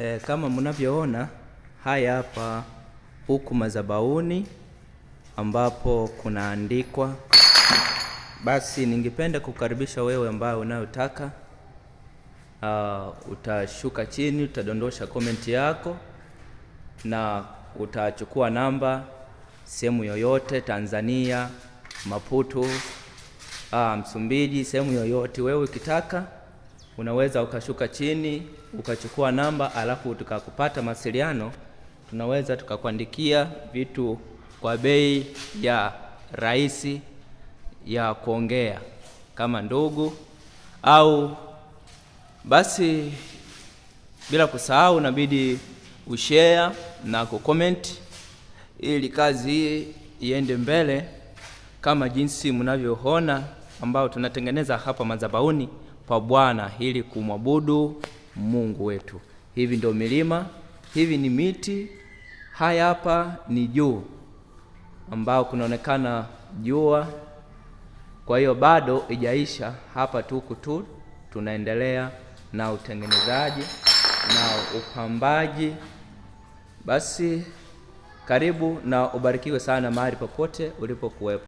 E, kama mnavyoona haya hapa huku mazabauni ambapo kunaandikwa. Basi ningependa kukaribisha wewe ambaye unayotaka uh, utashuka chini utadondosha komenti yako na utachukua namba sehemu yoyote Tanzania, Maputo, uh, Msumbiji, sehemu yoyote wewe ukitaka unaweza ukashuka chini ukachukua namba, alafu tukakupata mawasiliano, tunaweza tukakuandikia vitu kwa bei ya rahisi ya kuongea kama ndugu au basi. Bila kusahau, nabidi ushare na kucomment ili kazi hii iende mbele, kama jinsi mnavyoona ambao tunatengeneza hapa mazabauni kwa Bwana ili kumwabudu Mungu wetu. Hivi ndio milima, hivi ni miti, haya hapa ni juu ambao kunaonekana jua. Kwa hiyo bado ijaisha hapa, tuku tu tunaendelea na utengenezaji na upambaji. Basi karibu na ubarikiwe sana mahali popote ulipokuwepo.